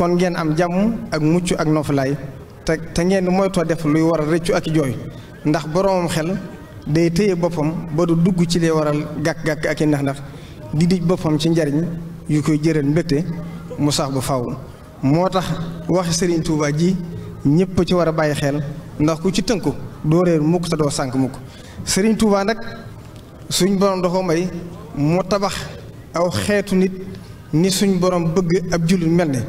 kon ngeen am jàmm ak mucc ak noflaay te te ngeen moytoo def luy waral rëccu ak jooy ndax boroomam xel day téye boppam ba du dugg ci liy waral gàkk-gàkk ak i ndax ndax di dij boppam ci njariñ yu koy jëral mbëtte mu sax bu faaw moo tax waxi sëriñ Touba ji ñëpp ci war a bàyyi xel ndax ku ci tënku doo réer mukk te doo sànk mukk Serigne Touba nag suñ borom da ko may mu tabax aw xeetu nit ni suñ borom bëgg ab jullit mel ne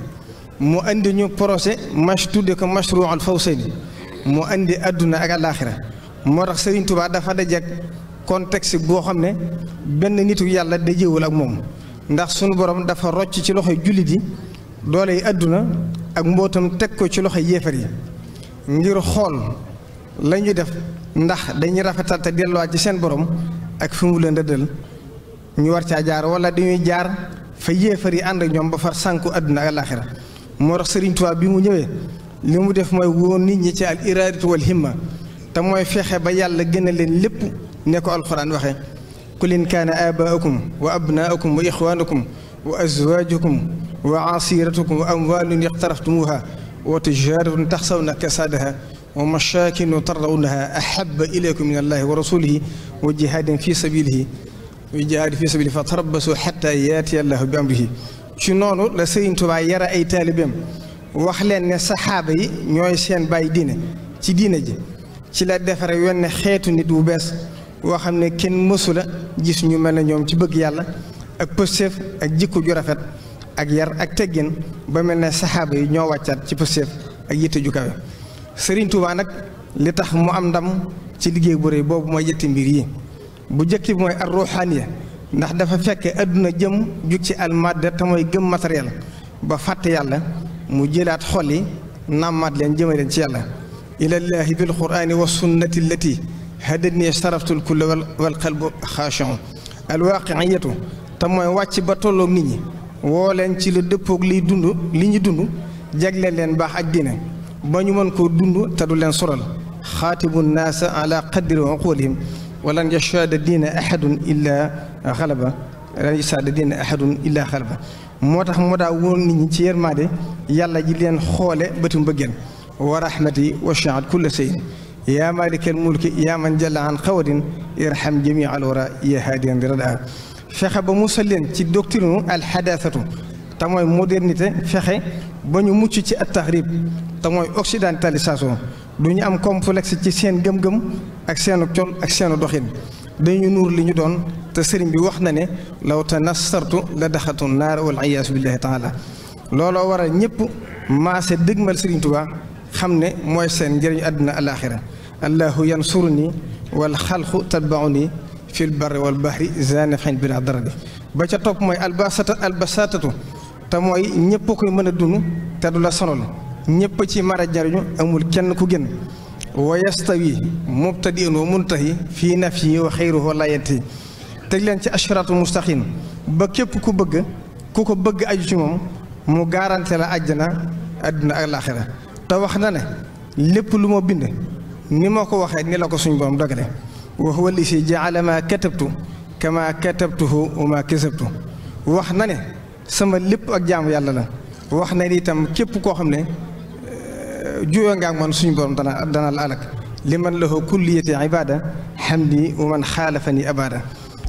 mu andi ñu projet mach tudde ko mashruu al fawsayni mu indi àdduna ak àllaaxira moo tax Serigne Touba dafa dajeek contexte boo xam ne benn nitu yàlla dajewul ak moom ndax sunu borom dafa rocc ci loxo jullit yi doole yi àdduna ak mbootam teg ko ci loxo yéefar yi ngir xool la ñu def ndax dañuy rafetal te delluwaat ci seen borom ak fi mu leen dëddal ñu war caa jaar wala dañuy jaar fa yéefar yi ànd ak ñoom ba fa sànku àdduna ak àllaaxira مرة سرينت وابيموني لمدة ماي ووني نجى الإرادة والهمة تموي فيها بيال لجنة للب نيكو القرآن وحى كل إن كان آباءكم وأبناءكم وإخوانكم وأزواجكم وعصيرتكم وأموال اقترفتموها وتجار تحصون كسادها ومشاكل ترضونها أحب إليكم من الله ورسوله وجهاد في سبيله وجهاد في سبيله فتربصوا حتى ياتي الله بأمره ci noonu la Sëriñ Tuubaa yara ay taalibeem wax leen ne saxaaba yi ñooy seen bàyyi diine ci diine ji ci la defare wenn xeetu nit wu bees woo xam ne kenn mësula gis ñu mel ne ñoom ci bëgg yàlla ak pëstéef ak jikko ju rafet ak yar ak teggin ba mel ne saxaaba yi ñoo wàccaat ci pëstéef ak yitte ju kawe Sëriñ nag li tax mu am ndam ci liggéey bu rëy boobu mooy yetti mbir yi bu jëkk bi mooy ar ruuxaaniya ndax dafa fekke aduna jëm juk ci al madde tamoy gëm matériel ba fàtte yàlla mu jëlat xoli namat len leen len ci yàlla ila ilallaahi bil quraani wa sunnati allati hadani sharaftu al kull wal qalbu xaashi'un al waqi'iyatu tamoy wàcc ba tolo nit ñi wo len ci le dëppoog li dundu li ñi dundu jagle len bax ak dina bañu mën ko dundu ta du len soral khatibun nas ala qadri uqulihim ولن يشهد الدين احد الا غلبه لن يشهد الدين احد الا غلبه موتاخ مودا وون نيت يرمادي يالا جي لين خوله بتم بغن ورحمتي وشعد كل شيء يا مالك الملك يا من جل عن خود ارحم جميع الورا يا هادي الرداء فخ موسى لين تي دوكترون الحداثه تاموي مودرنيتي فخ با ني موتشي تي التغريب تاموي اوكسيدانتاليزاسيون duñu am complexe ci seen gëm-gëm ak seen ciol ak seen doxine dañu nur li ñu doon te sëriñ bi wax na ne law tanassartu la daxatu nar wal iyas billahi taala lolo wara ñëpp maase deggmal sëriñ Tuubaa xamne moy seen jeriñ aduna al akhirah allah yansurni wal xalqu tatbauni fil barri wal bahri zanifin bi naa daradi ba ca topp mooy albasata albasatatu te mooy ñëpp koy mën a dund te du la sonal ñépp ci mara jariñu amul kenn ku gën wa yastawi mubtadiin wa muntahi fii nafyi wa xayruhu la yantahi teg leen ci ashratu mustaqim ba képp ku bëgg ku ko bëgg aju ci moom mu garanté la àjjana àdduna ak laaxira te wax na ne lépp lu ma bind ni moo ko waxee ni la ko suñ borom dogale wa huwa lisi jaala ma katabtu kama katabtuhu wa ma kasabtu wax na ne sama lépp ak jaamu yàlla la wax na ni itam képp koo xam ne جوانغان من سنين بورم دانا الالك لمن له كلية عبادة حمدي ومن خالفني أبادة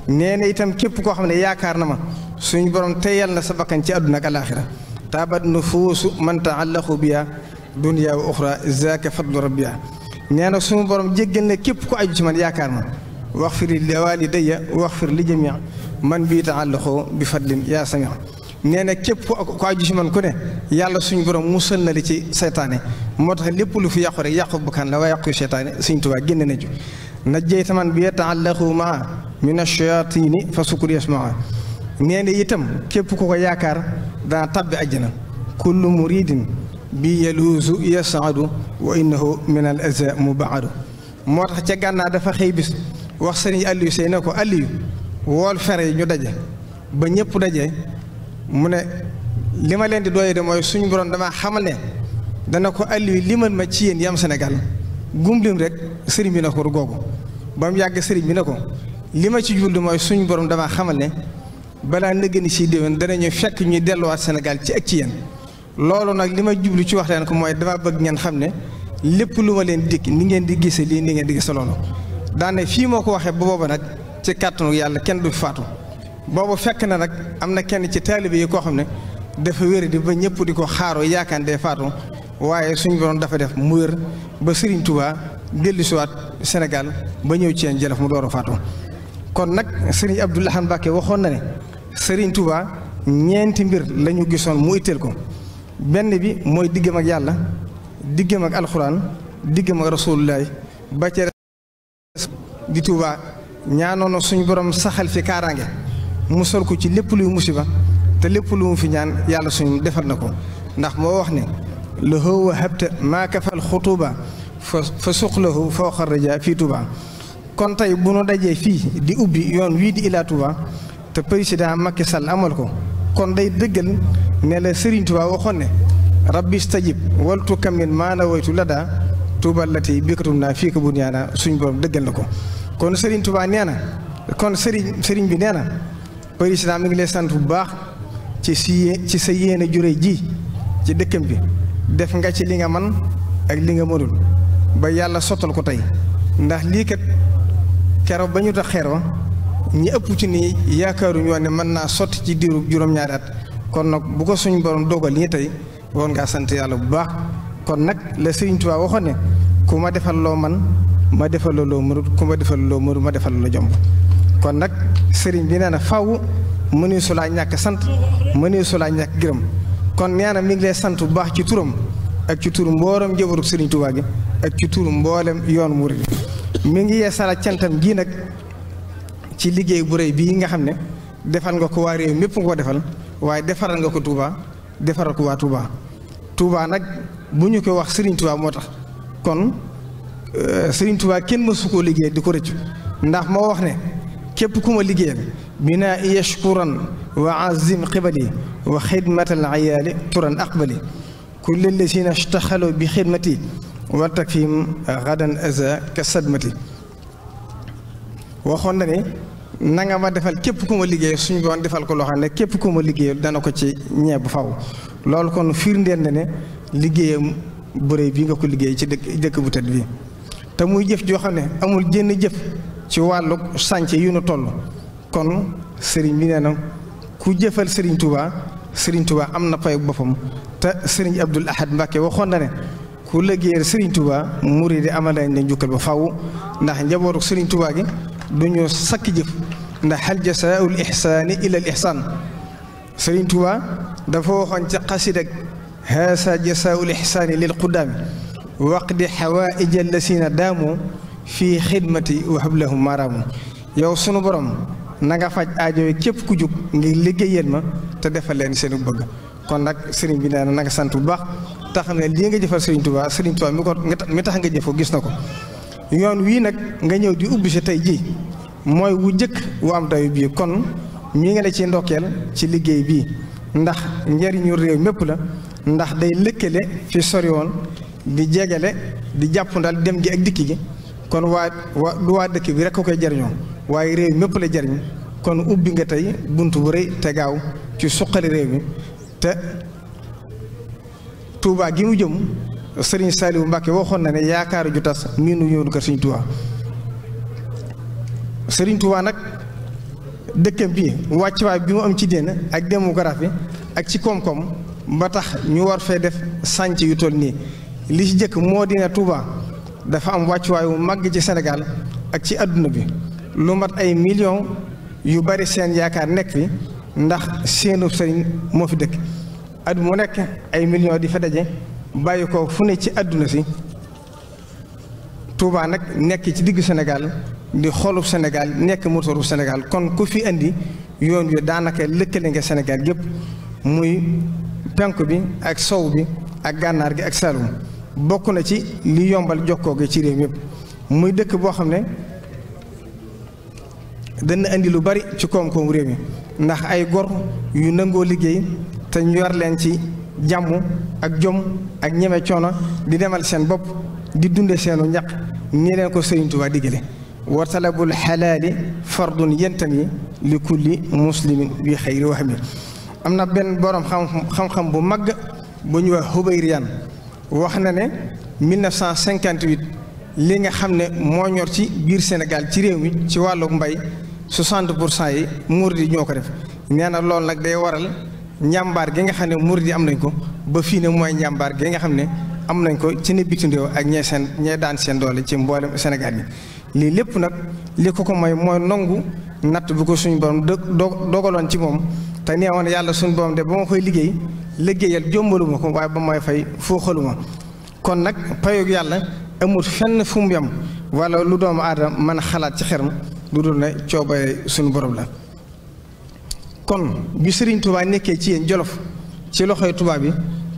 نين ايتم كيب كو خمنا يا كارنما سنين بورم تيال نسبقا انتي أدنك الاخرة تابد نفوس من تعلق بيا دنيا وأخرى زاك فضل ربيا نين سنين بورم جيجن كيب كو عجج من يا كارنما واغفر لوالدي واغفر لجميع من بيتعلق بفضل يا سنين nee na képp ku aju si man ku ne yàlla suñu borom musal na li ci seytaane moo tax lépp lu fi yàqu rek yàqu bukkaan la waa yàqu seytaane suñ tubaa génn na ju najjayta man bi ma maa min ash-shayaatini fa sukkur yasmaa nee na itam képp ku ko yaakaar dana tabbi àjjana kullu muridin bi yaluusu yasaadu wa innahu min al aza mubaadu moo tax ca gànnaa dafa xëy bis wax sëriñ Aliou Sey ne ko Aliou wool fere yi ñu daj ba ñëpp daje mu ne li ma leen di doy de mooy suñu borom damaa xamal ne dana ko alliwi limal ma ci yéen yam senegal gum lim rek sëriñ bi na ko googu ba yàgg sëriñ bi na ko li ma ci julli mooy suñu borom damaa xamal ne balaa si siy déwén danañu fekk ñuy delluwaat Sénégal ci ak ci yéen loolu nag li ma jublu ci wax leen ko mooy dama bëgg ngeen xam ne lépp lu ma leen dikk ni ngeen di gise lii ni ngeen di gise loolu daane fii moo ko waxee ba booba nag ci kàttanu yàlla kenn du faatu boobu fekk na nag am na kenn ci taalibe yi koo xam ne dafa wér di ba ñëpp di ko xaaroo yaakaar dee faatu waaye suñu borom dafa def mu wér ba Serigne Touba dellusiwaat senegal ba ñëw ci Jolof mu door a faatu kon nag Serigne Abdou Lahad waxoon na ne Serigne Touba ñeenti mbir lañu gisoon mu itteel ko benn bi mooy diggam ak yàlla diggam ak alxuraan diggam ak rasuulullaay ba ca di Touba ñaanoon na suñu borom saxal fi kaaraange. mu sol ko ci lépp luy musiba te lépp lu mu fi ñaan yàlla suñu defal na ko ndax moo wax ne la hëwa habta maa kafal xutuba fa fa suqlahu fawqa raja fii Touba kon tey bu nu dajee fii di ubbi yoon wii di Ila Touba te président Macky sal amal ko kon day dëggal ne la Serigne Touba waxoon ne rabbi stajib waltu kamin maana woytu la daa Touba lati bikatum naa fii ko bu naa suñ borom dëggal na ko kon Serigne Touba nee na kon Serigne Serigne bi nee na président mi ngi lay sant bu baax ci si ci sa yéene jure ji ci dëkkam bi def nga ci li nga man ak li nga mënul ba yàlla sottal ko tey ndax lii kat keroog ba ñu tax xeer wa ñi ëpp ci nii yaakaaruñu wax ne mën naa sott ci diiru juróom-ñaari kon nag bu ko suñ borom dogal ñi tey woon ngaa sant yàlla bu baax kon nag la Sëriñ Tuubaa waxoon ne ku ma defal loo man ma defal loo mënul ku ma defal loo mënul ma defal loo jomb kon nag sëriñ bi nee na faw mënuy sulaa ñàkk sant mënuy sulaa ñàkk gërëm kon nee na mi ngi lay sant bu baax ci turam ak ci tur mboolem jëbarub sëriñ Tuubaa gi ak ci tur mboolem yoon murid mi ngi yeesala cantam gii nag ci liggéey bu rëy bii nga xam ne defal nga ko waa réew mépp nga ko defal waaye defaral nga ko Touba defaral ko waa Touba Touba nag bu ñu ko wax Serigne Touba moo tax kon euh, Serigne Touba kenn mësu koo liggéey di ko rëccu ndax moo wax ne كبكم اللي بناء يشكرا وعزم قبلي وخدمة العيال ترى أقبلي كل الذين اشتغلوا بخدمتي وتكفيهم غدا أذى كصدمتي waxoon na ma defal képp ku ma liggéeyal suñu boon defal ko loo xam ne képp ku ma dana ko ci ñeeb faw loolu kon firndeel na ne liggéeyam bu réy bi nga ko liggéey ci dëkk dëkk bu tëdd bi te muy jëf joo xam amul jënn jëf ci wàllu sànce yu nu kon sëriñ bi na ku jëfal sëriñ Touba sëriñ Touba am na payu boppam te sëriñ Abdul Ahad Mbacke waxoon ne ku liggéeyal sëriñ Touba murid yi amal nañ ba faaw ndax njabootu sëriñ Touba gi du ñu sakk jëf ndax hal jasaa'ul ihsaani illa ihsaan sëriñ Touba dafa waxoon ca xasid ak haasa jasaa'ul ihsaani lil quddaami waqdi xawaaija lasina daamu fii xidmati wa hablahum maaraamu yow sunu borom na nga faj aajo képp ku jug ngir liggéeyal ma te defal leen seen bëgg kon nag sëriñ bi nee na nga sant bu baax tax ne lii nga jëfal sëriñ Tuubaa sëriñ Tuubaa mi ko mi tax nga jëfoo gis na ko yoon wii nag nga ñëw di ubbi si tey ji mooy wu njëkk wu am dayu bii kon mi ngi la ci ndokkeel ci liggéey bii ndax njariñu réew mépp la ndax day lëkkale fi sori woon di jegale di jàppandal dem gi ak dikk gi kon waa du waa dëkk bi rek koy jariñoo waaye réew mépp la jariñ kon ubbi nga tey bunt bu rëy te gaaw ci suqali réew mi te Touba gi mu jëm Serigne Saliou Mbacke waxoon na ne yaakaaru ju tas miinu ñëwul kër Serigne Touba Serigne Touba nag dëkkam bi wàccuwaay bi mu am ci dénn ak démographie ak ci koom-koom ba tax ñu war fee def sànc yu toll nii li ci jëkk moo dina Touba. dafa am wàccuwaay wu màgg ci Sénégal ak ci àdduna bi lu mat ay millions yu bari seen yaakaar nekk fi ndax seenu sëriñ moo fi dëkk at mu nekk ay millions di fa daje bàyyi ko fu ne ci àdduna si Touba nag nekk ci diggu Sénégal di xoolu Sénégal nekk motoru Sénégal kon ku fi indi yoon wi daanaka lëkkale nga Sénégal gépp muy penk bi ak sow bi ak gànnaar gi ak Saloum bokk na ci li yombal jokkoo ci réew mi muy dëkk boo xam ne dana indi lu bari ci koom-koomu réew mi ndax ay gor yu nangoo liggéey te ñu yor leen ci jàmm ak jom ak ñeme coono di demal seen bopp di dunde seenu ñaq nii leen ko Sëriñ Tuubaa diggale wa talabul xalaali fardun yentami li kulli muslimin bi xayri wax mi am na benn boroom xam xam-xam bu mag bu ñu wax Hubayriyaan wax na ne 1958 li nga xam ne moo ñor ci biir Sénégal ci réew mi ci wàllu mbay 60 pour cent yi murid yi ñoo ko def nee na loolu nag day waral njàmbaar gi nga xam ne murid yi am nañ ko ba fii ne mooy njàmbaar gee nga xam ne am nañ ko ci ne bitim ak ñee seen ñee daan seen doole ci mboolem Sénégal yi lii lépp nag li ko ko may mooy nongu natt bu ko suñu borom dogaloon ci moom. te nee woon yàlla suñu boom de ba ma koy liggéey liggéeyal jombalu ko waaye ba may fay fooxalu ma kon nag payug yàlla amul fenn fu mu yem wala lu doomu aadama mën a xalaat ci xeram lu dul ne coobare suñu borom la kon bi Serigne Touba nekkee ci yéen Jolof ci loxoy tubaab bi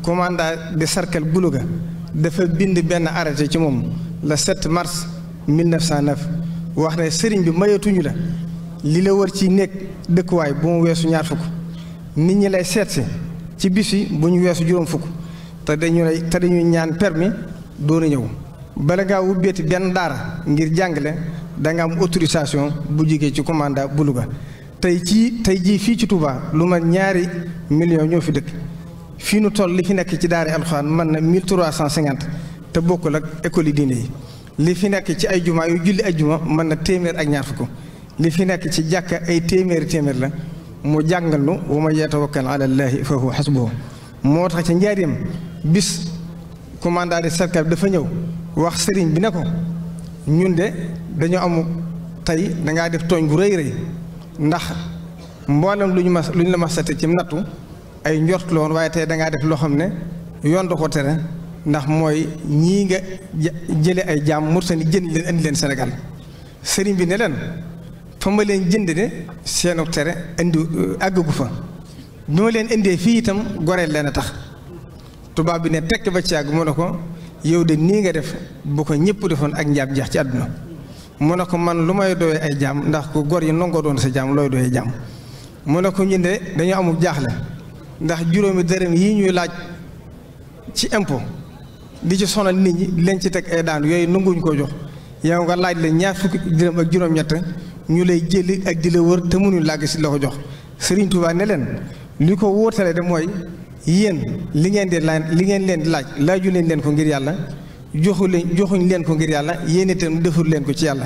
commandant de cercle bu Louga dafa bind benn arrêté ci moom le 7 mars 1909 wax ne Serigne bi mayatuñu la li la wër ci nekk dëkkuwaay bu mu weesu ñaar fukk nit ñi lay seetsi ci bis yi bu ñu weesu juróom fukk te dañu te dañuy ñaan permis doon a ñëw bala ngaa wubbeeti benn daara ngir jàngale danga am autorisation bu jigee ci commanda bu Louga tey ci tey jii fii ci Touba lu ma ñaari million ñoo fi dëkk fii nu toll li fi nekk ci daara alxuraan mën na mille trois cent cinquante te bokk ak école yi diine yi li fi nekk ci ay jumaa yu julli ay juma mën na téeméer ak ñaar ko li fi nekk ci jàkk ay téeméeri téeméer la mu jàngal nu wa man yatawakkal ala llaahi fa huwa xasbuhu moo tax ca njaariyam bis commandant de cercle dafa ñëw wax sëriñ bi ne ko ñun de dañoo amu tey dangaa def tooñ bu rëy rëy ndax mboolem lu ñu mas lu ñu la masate ci nattu ay njort la woon waaye tey dangaa def loo xam ne yoon da ko ndax mooy ñii nga jële ay jaam mursani jën leen indi leen senegal sëriñ bi ne leen fa ma leen jënd de seenu tere indi euh, àggagu fa bi ma leen indee fii itam goreel leen a tax tubaab bi ne tekk ba ci àgg mu ne ko yow de nii nga def bu ko ñëpp defoon ak njaab jeex ci àdduna mu ne ko man lu may doyee ay jaam ndax ko gor yi nangoo doon sa jaam looy doyee jaam mu ne ko ñun de dañoo amul jaaxle ndax juróomi dërëm yi ñuy laaj ci impôt di ci sonal nit ñi leen ci teg ay daan yooyu nanguñ koo jox yow nga laaj la ñaar fukki dërëm ak juróom-ñett ñu lay jëli ak di la wër te mënuñu làgg si la ko jox Serigne Touba ne leen li ko wóotale de mooy yéen li ngeen di laaj li ngeen leen di laaj laaju leen leen ko ngir yàlla joxu leen joxuñ leen ko ngir yàlla yéen itam deful leen ko ci yàlla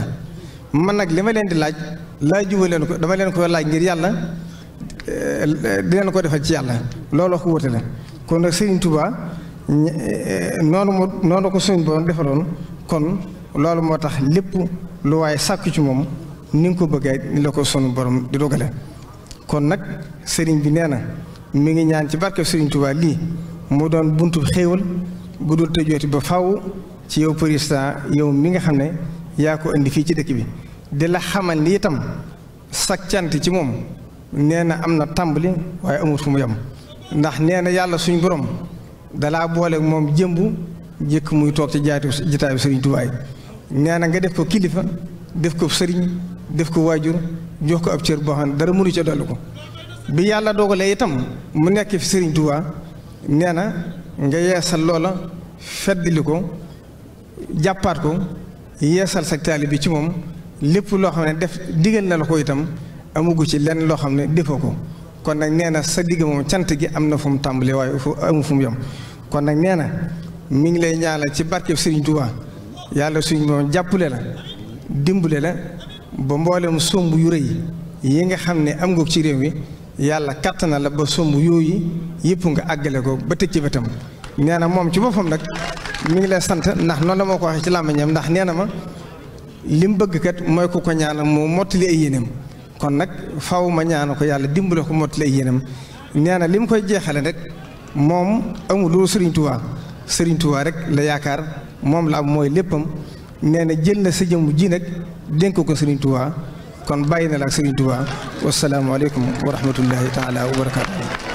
man nag li ma leen di laaj laajuwa leen ko dama leen ko laaj ngir yàlla eh, di leen ko defal ci yàlla looloo ko wóotale kon nag Serigne Touba eh, noonu mu noonu ko suñ borom defaloon kon loolu moo tax lépp lu waaye sàkku ci moom ni nga ko bëggee la ko sunu borom di dogale kon nag sëriñ bi nee na mi ngi ñaan ci barke sëriñ Tuubaa lii mu doon buntu xéewal bu dul tëjooti ba faaw ci yow président yow mi nga xam ne yaa ko indi fii ci dëkk bi di la xamal ni itam sak ci moom nee na am na tàmbali waaye amut fu mu yem ndax nee na yàlla suñ borom dalaa boole moom jëmb jëkk muy toog ci jaatu jitaayu sëriñ Tuubaa yi na nga def ko kilifa def ko sëriñ def ko wajur jox ko ab cër bo xam dara mënu ci dal ko bi yàlla dogalee itam mu nekk fi Serigne Touba nee na nga yeesal loola feddli ko jàppaat ko yeesal sa taali bi ci moom lépp loo xam ne def digal na la ko itam amugu ci lenn loo xam ne defoo ko kon nag nee na sa digg moom cant gi am na fu mu tàmbalee waaye fu amu fu mu yem kon nag nee na mi ngi lay ñaanal ci barkeb Serigne Touba yàlla suñu moom jàppale la dimbale la. ba mboolem somb yu rëy yi nga xam ne am nga ci réew yi yàlla katt na la ba somb yooyu yëpp nga àggale ko ba tëj ci bëtam nee moom ci boppam nag mi ngi lay sant ndax noonu la moo ko waxee ci làmmiñam ndax nee na ma li mu bëgg kat mooy ku ko ñaanal mu mottali ay yéenam kon nag faw ma ñaana ko yàlla dimbale ko mottali ay yéenam nee na li mu koy jeexale rek moom amul loolu Serigne Touba rek la yaakaar moom la am mooy léppam. nee na jël na sa jëmm ji nag dénk ko Serigne Touba kon bàyyi na la ak Serigne Touba wasalaamualeykum wa rahmatullahi taala wa barakaatu.